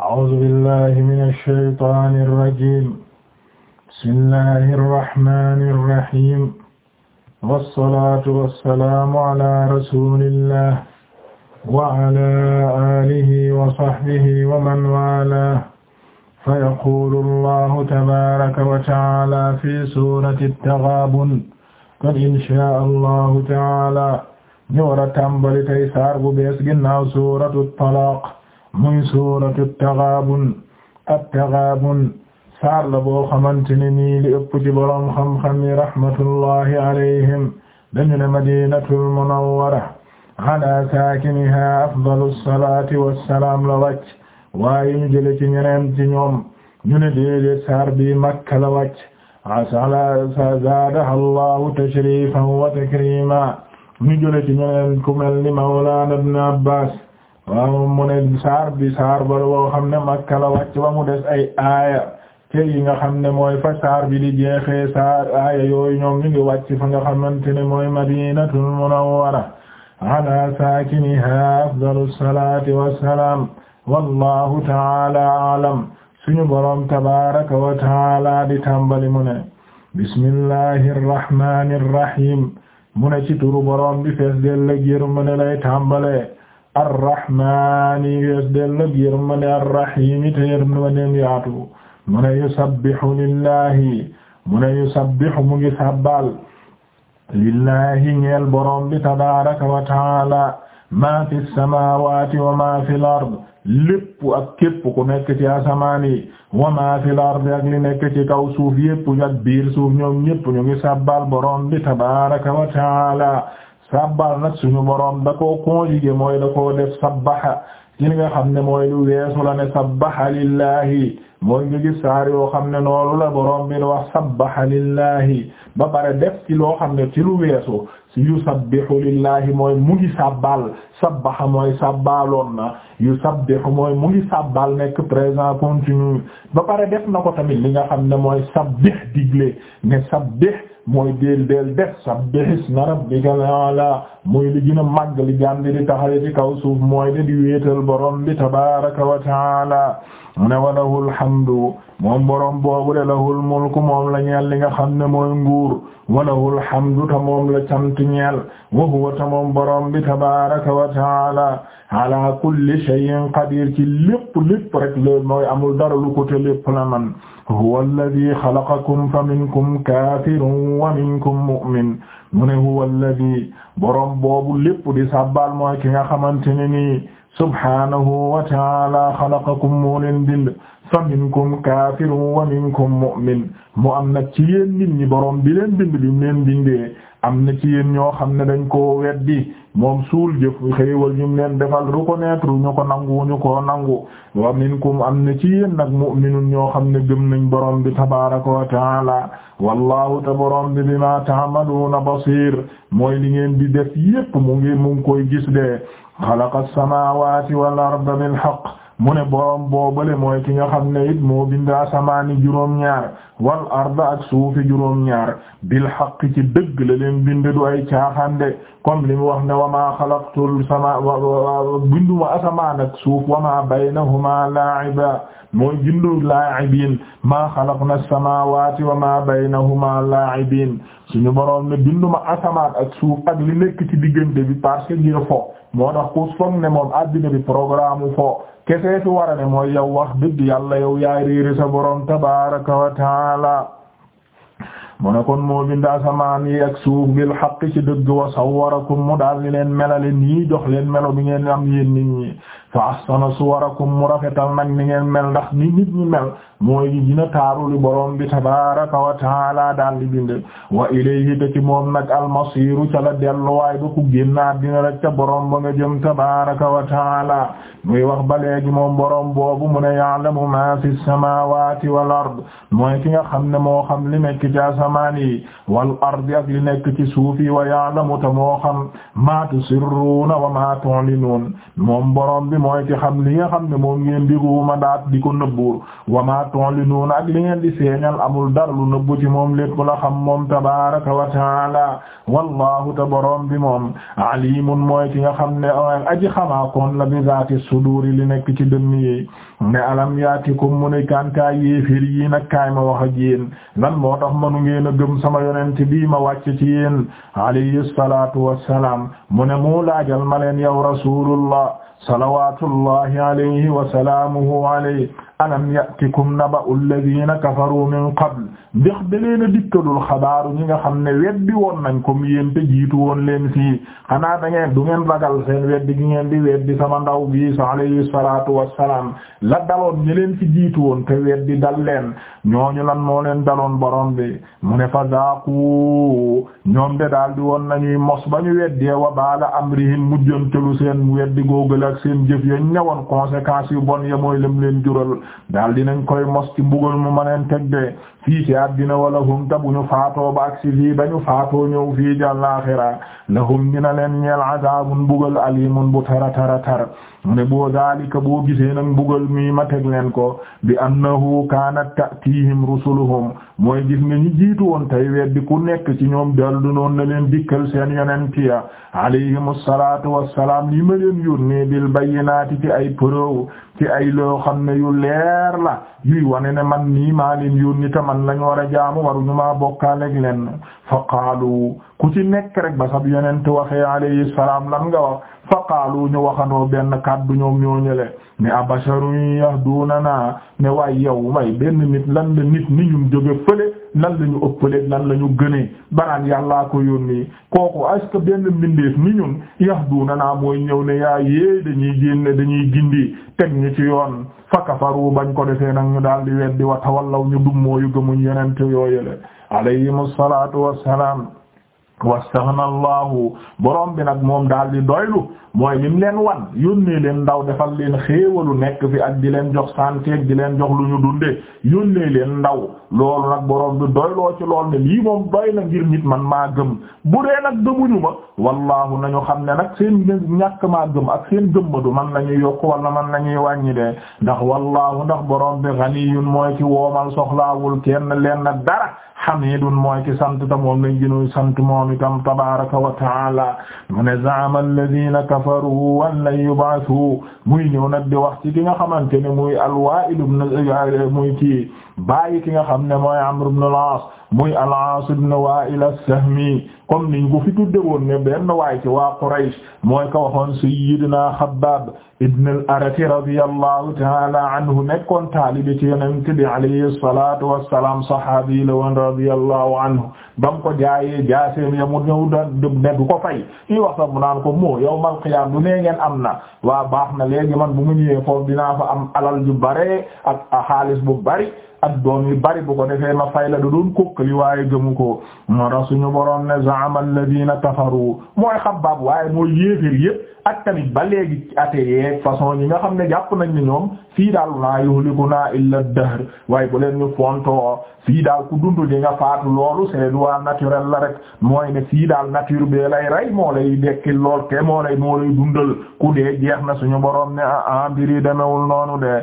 أعوذ بالله من الشيطان الرجيم بسم الله الرحمن الرحيم والصلاة والسلام على رسول الله وعلى آله وصحبه ومن والاه فيقول الله تبارك وتعالى في سورة التغابن kon inshaa Allahu taala ñu war a tàmbali tey saar bu bees ginnaaw suuratu Talaaq muy suuratu at-Taghaabun at-Taghaabun saar la boo xamante ne nii li ëpp ci boroom xam-xam yi rahmatullahi alayhim dañu ne Madinatul Munawwara ala saakinihaa afdalu salaati wassalaam la wàcc waaye ñu jële ci ñeneen ci ñoom ñu ne déedéet saar bi Makka la wàcc asala zaadaha Allahu tashrifan wa takriman ñu jële ci ñeneen ku mel ni Mawlaana Ibn Abbaas waaw mu ne saar bi saar ba boo xam ne Makka la wàcc ba mu des ay aaya te yi nga xam ne mooy fa saar bi di jeexee saar aaya yooyu ñoom ñu ngi wàcc fa nga xamante ne mooy Madinatul Munawwara ala saakiniha afdalu salaati wassalaam wallahu taala alam suñu boroom tabaraka wa taala di tàmbali mu ne bismillahi rrahmani irrahim mu ne ci turu boroom bi fees del la gër mu ne lay tàmbalee arrahmani wees dellu yërmande arrahimi te yërmandeem yaatu mu ne yusabbihu lillahi mu ne yusabbihu mu ngi sabbal lillahi ñeel borom bi tabaraka wa taala ma fi samawati wa ma fi l ard ak képp ku nekk ci asamaan wa ma fi l ard li nekk ci kaw suuf yépp ak biir suuf ñu ngi bi tabaraka wa taala sabbal nag suñu boroom da koo conjugué mooy da koo def sabbaha li nga xam ne mooy lu weesu la ne sabbaha lillahi mooy nga gis saar yoo xam ne noolu la borom bi wax sabbaha lillahi ba pare def ci loo xam ne ci lu weesu yusabbihu lillahi mooy mu ngi sabbal sabbaha mooy sabbaloon na yu yusabbihu mooy mu ngi sabbal nekk présent continu ba pare def na ko tamit li nga xam ne mooy sabbih digle ne sabbih mooy deel deel def sabbihisma rabbikal ala mooy li gën a màgg li jàmbi di taxawe ci kaw suuf mooy de di wéetal borom bi tabaraka wa taala mu ne wa lahul moom borom boobu de lahul mulku moom la ñeel li nga xam ne mooy nguur wa lahul hamdu ta moom la cant ñeel wa huwa moom borom bi tabaraka wa taala ala kulli shay'in qadir ci lépp lépp rek le mooy amul dara lu ko te lépp la man huwa alladhi khalaqakum fa minkum kafirun wa minkum mu'min mu ne borom boobu lépp di sabbal ki nga xamante ne nii subhaanahu wa ta'aala xalaqakum moo leen bind fa minkum kaafirun wa minkum mu'min mu am nag ci yéen nit ñi boroom bi bi mu am na ci yéen ñoo xam ne dañ koo weddi moom suul jëf xéewal ñu leen defal reconnaître ñu ko nangu ñu ko nangu wa minkum am na ci yéen nag mu'minun ñoo xam ne gëm nañ borom bi tabaaraka wa ta'aala wallahu ta boroom bi bimaa ta'maluuna basiir mooy li ngeen di def yépp mu ngi mu ngi koy gis xalaqa as-samaawaati wal arda bil haqq mu ne boroom boobale mooy ki nga xam ne it moo bind asamaani juróom-ñaar wal arda ak suufi juróom-ñaar bil xaq ci dëgg la leen bind du ay caaxaande comme li mu wax ne wa maa xalaqtul sama binduma asamaan ak suuf wa maa baynahuma la'iba mooy bindu la'ibiin maa xalaqna as-samaawaati wa maa baynahuma la'ibiin suñu boroom ne binduma asamaan ak suuf ak li nekk ci diggante bi parce que ngir fo moo tax ku foog ne moom addina bi programme fo kese fi wara ne mooy yow wax dëgg yàlla yow yaay réere sa boroom taala mu ne kon moo bind asamaan yi ak suuf dëgg wa sawwarakum mu daal di leen melale nii jox leen melo bi ngeen am yéen nit ñi fa ahsana suwarakum mu rafetal nag ni ngeen mel ndax ni nit ñi mel mooy dina taaru li borom bi tabaaraka wa taala daal di binde wa ilayhi te ci moom nag almasiru ca la delluwaay ba ku génnaat dina rek ca borom ba nga jëm tabaaraka wa taala muy wax ba léegi moom borom boobu mu ne ya'lamu ma fi samawati wal ard mooy ki nga xam ne moo xam li nekk ci asamaan yi wal ard ak li nekk ci suuf yi wa ya'lamu te moo xam ma tusirruuna wa ma tu'linuun moom borom bi mooy ci xam li nga xam ne moom ngeen di ma daat di ko nëbbuur wama tu'linuuna ak li ngeen di seeñal amul dara lu nëbbu ci moom lépp la xam moom tabaaraka wa ta'aala wallahu ta boroom bi moom alimun mooy ki nga xam ne aji xamaakoon la bi zaati suduuri li nekk ci dënn yi ne alam yaatikum mu ne kantaay yéeféer yi nag kaay ma wax ak yéen lan moo tax manu ngeen a gëm sama ci bii ma wàcc ci yéen alayhi salaatu wassalaam mu ne mu laajal ma leen yow salawaatullahi alayhi wa salaamuhu alayhi alam yatikum naba'u alladhina kafaru min qabl ndax da leen a dikkalul xabaaru ñi nga xam ne weddi woon nañ comme yéen te jiitu woon leen fii xanaa da ngeen du ngeen ragal seen weddi gi ngeen di weddi sama ndaw bi sa alayhi salaatu wassalaam la daloon ñi leen fi jiitu woon te weddi dal leen ñooñu lan moo leen daloon borom bi mu ne fa zaaqu ñoom de daal di woon nañuy mos ba ñu weddee wa baala amrihim mujjantelu seen weddi googal ak seen jëf ya ñawoon daal dinañ koy mos ci mbugal mu ma leen teg de fii ci àddina wala hum ta bu ñu faatoo ba aksi fii ba ñu faatoo ñëw fii ci àllaaxira lahum dina leen ñeel adaabun bugal alimun bu tara tara tar mu ne boo daalika boo gisee nag bugal mi ma teg leen ko bi annahu kaanat ta'tiihim rusuluhum mooy gis nga ñu jiitu woon tey weddi ku nekk ci ñoom dal du noon na leen dikkal seen yonent ya alayhimu salaatu wassalaam li ma leen yónnee bil bayyinaati ci ay preuve ci ay loo xam ne yu leer la yuy wane ne man nii maa man lañ war a jaamu waruñu maa bokkaaleeg leen fa qaalu ku ci nekk rek ba sab yonent waxee alayhi salaam lan nga wa fa qaalu ñu waxandoo benn kàddu ñoom ñoo ñële ne abasharun yahdunana ne waay yow way benn nit lan la nit ni ñun jóge fële nan la ñu ëppalee nan la ñu gënee banaan yàllaa ko yónnee kooku est-ce que benn mbindeef ni ñun yahduna naa mooy ñëw ne yaa yee dañuy génne dañuy gindi teg ñu ci yoon fakafaru bañ ko defee nag ñu daal di weddi wa tawallaw ñu dum mooyu gëmuñ yenente yooyele alayhimu salaatu wassalaam na allahu borom bi nag moom daal di doylu mooy lim leen wan yónnee leen ndaw defal leen xéewalu nekk fi ak di leen jox santeeg di leen jox lu ñu dundee yónnee leen ndaw loolu nag borom bi doyloo ci lool ne lii moom doy na ngir nit man maa gëm bu dee nag gëmuñu ma wallaahu nañu xam ne nag seen ñàkk maa gëm ak seen gëm ma du man la ñuy yokk wala man la ñuy wàññi de ndax wallaahu ndax borom bi ganiyun mooy ci woomal soxlaawul kenn leen na dara hamidun mooy ci sant boroom itam tabaraka wa taala mu ne zaama alladina kafaru an lan yub'athu muy ñëw nag di wax ci ki nga xamante ne muy alwaa'il muy kii bàyyi ki nga xam ne mooy Amr ibn al-As muy al-As ibn ko fi waa Quraysh mooy ka waxoon sayyidina Khabbab ibn al-Aratt radiyallahu ta'ala anhu nekkoon taalibe ci Yonent bi alayhi salatu wassalam sahaabi la woon radiyallahu anhu bam ko jaayee jaaseem ya mu ñëw doon ne du ko fay i wax sax ko am na waa baax na léegi man bu mu ñëwee foofu dinaa fa am alal ju bare ak xaalis ak doom yu bari bu ko defee ma fay la da doon kokkali waaye gëmu ko moo tax suñu boroom ne za'ama alladhina kafaru mooy xabbaab waaye mooy yéeféer yépp ak tamit ba léegi ateyee façon ñi nga xam ne jàpp nañ ni ñoom fii daal laa yuhlikuna illa dahr waaye bu leen ñu fontoo fii daal ku dund di na faatu loolu c'est loi naturelle la rek mooy ne fii daal nature bee lay rey moo lay dekkil lool ke moo lay moo lay dundal ku dee jeex na suñu boroom ne ah ah mbir yi demewul noonu de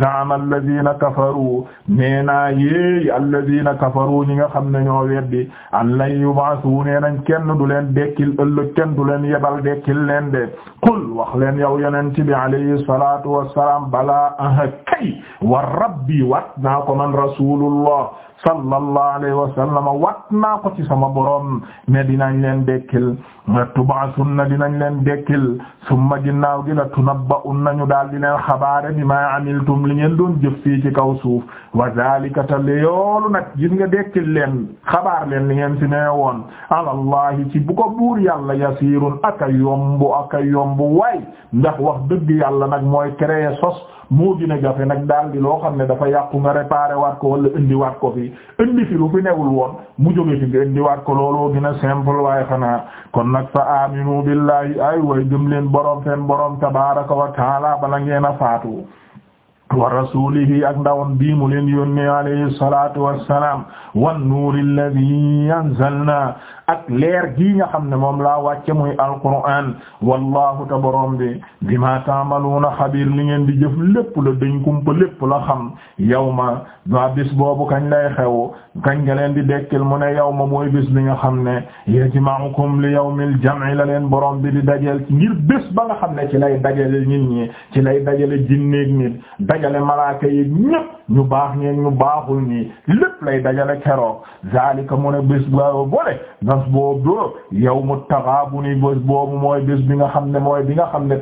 za'ama alladhina kafaru nee naa yéey alladina kafaru ñi nga xam ne ñoo weddi an lan yubaasu nee nañ kenn du leen dekkil ëllëg kenn du leen yebal dekkil leen de qul wax leen yow yonent bi alayhi salatu wassalam bala aha kay wa rabbi wat naa ko man rasulullah sallallahu alayhi wa sallam wat naa ko ci sama borom ne dinañ leen dekkil tub'asunna dinañ leen dekkil summa ginnaaw gi la tunabba'unna ñu daal di leen xabaare bimaa amiltum li ngeen doon jëf fii ci kaw suuf wa zaalika te loolu nag gis nga dekkil leen xabaar leen li ngeen si nee woon alallahi ci bu ko buur yàlla yasiirun aka yombu aka yombu waay ndax wax dëgg yàlla nag mooy créer sos moo gën a jafe nag daal di loo xam ne dafa yàqu nga réparé waat ko wala indiwaat ko fi indi fi lu fi newul woon mu jóge fi nga indiwaat ko looloo gën a simple waaye xanaa kon nag fa aminu billahi ay way gëm leen borom seen borom tabaaraka wa taala bala ngeen a faatu wa rasulihi ak ndawam bii mu leen yónnee alayhi salatu wassalaam wan nuuri alladhi anzalna ak leer gii nga xam ne moom laa wàcce muy alquran wallahu ta borom bi bima ta'maluna xabiir li ngeen di jëf lépp la dañ kumpa lépp la xam yawma ba bis boobu kañ lay xew kañ nga leen di dekkil mu ne yawma mooy bis bi nga xam ne yajma'ukum li yawmil jam'i la leen borom bi di dajeel ngir bés ba nga xam ne ci lay dajale nit ñi ci lay dajale jinneeg nit dajale malaaka yi ñépp ñu baax ñeen ñu baaxul ñi lépp lay dajale keroog zalika mu ne bés boo boole nas boobu yawmu taxaabuni bés boobu mooy bés bi nga xam ne mooy bi nga xam ne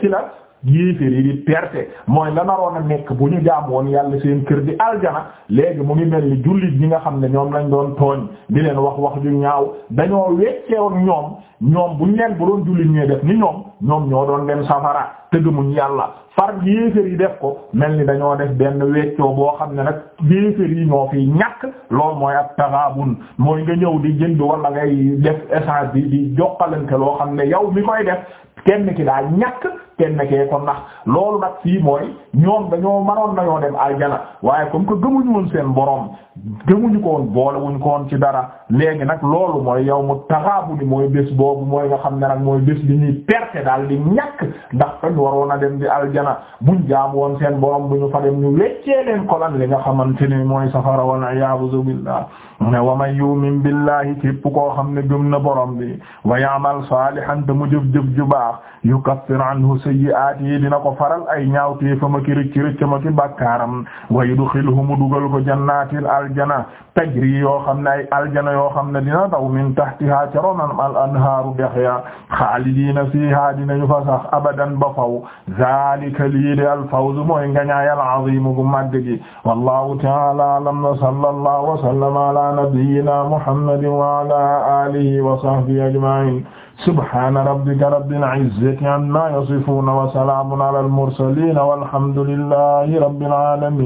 ci la yéeféer yi di perte mooy la naroon a nekk bu ñu jaam woon yàlla seen kër di aljana léegi mu ngi mel ni jullit ñi nga xam ne ñoom lañ doon tooñ di leen wax wax ju ñaaw dañoo wecceewoon ñoom ñoom buñ leen bu doon jullit ñee def ni ñoom ñoom ñoo doon dem safara te muñ yàlla par far yéeféer yi def ko mel ni dañoo def benn weccoo boo xam ne nag yéeféer yi ñoo fiy ñàkk lool mooy ak tabaabun mooy nga ñëw di jënd wala ngay def essence bi di jokkalante loo xam ne yow mi koy kenn ki daa ñàkk kenn ke ko nax loolu nag fii mooy ñoom dañoo manoon nañoo dem aljana waaye comme que gëmuñu woon seen borom gëmuñu ko woon boole wuñ ko woon ci dara léegi nag loolu mooy yow mu taxaabu ni mooy bés boobu mooy nga xam ne nag mooy bés bi ñuy perte daal di ñàkk ndax fañ waroon a dem di aljana buñ jaam woon seen borom bu ñu fa dem ñu weccee leen kolan li nga xamante ni mooy safara wal iyaazu billah ne wa man yu'min ci képp koo xam ne gëm na borom bi wa ya'mal salihan damu jëf-jëf ju baax ndax yukaffir anhu sayyi'aati dina ko faral ay ñaawteefam ak rëcc rëccam ak bakkaaram wa yudxilhum dugal ko jannaatin aljana tajri yoo xam ne ay aljana yoo xam ne dina daw min tahtihaa ca ronam al anhaaru dex ya xaalidiina fiihaa dinañu fa sax abadan ba faw zaalika lii de al fawz mooy ngañaay al aziim gu màgg gi wallaahu ta'aala a'lam wa sallallaahu wa sallama ala nabiyyina muhammadin wa ala aalihi wa sahbihi ajma'iin subhaana rabbika rabbil izzati ammaa yasifuun wa salaamun alal mursaliin walhamdu lillahi rabbil aalamiin